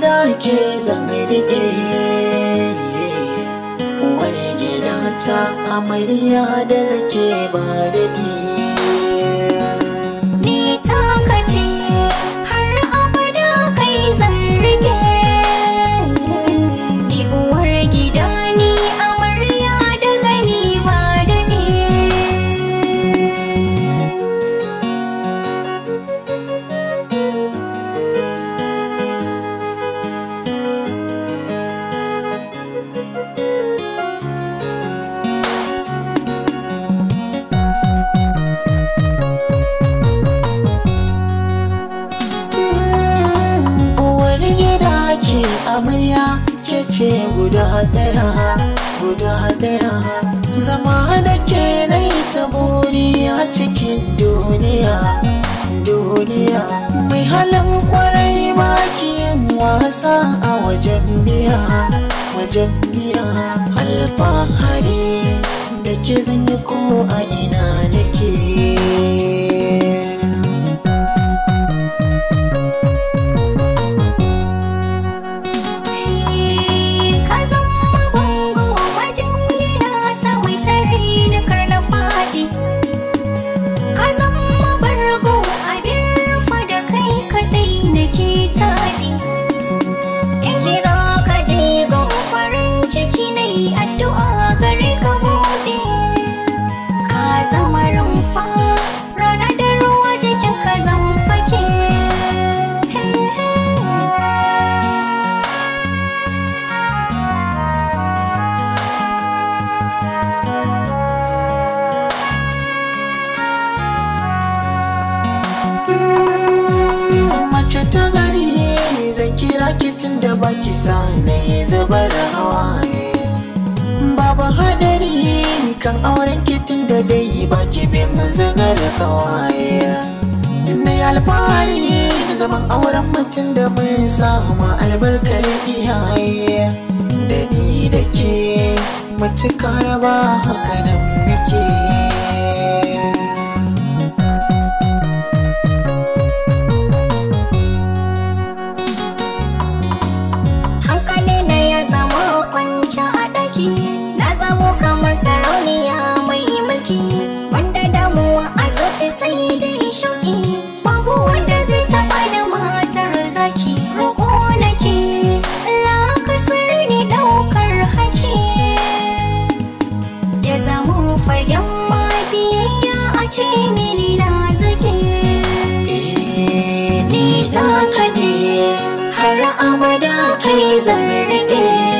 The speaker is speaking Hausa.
da ke zan wani gida ta amarya daga ke ba daɗi ke amarya ke ce guda daya guda daya zama da ke na yi ta buri a cikin duniya duniya mai halin kwarai yin wasa a wajen biya wajen biya alfahari da ke zanyi ko a ina da nake mace ta gari zan kira kitin da baki sani zuba da hawaye babu hadari kan auren kitin da dai baki bin zaga da kawaye na alfahari zaman auren mutum da mun sama albarkar iyaye da ni da ke mace karaba haka nan ce mini na zake ni za ka je har abada kai zan rike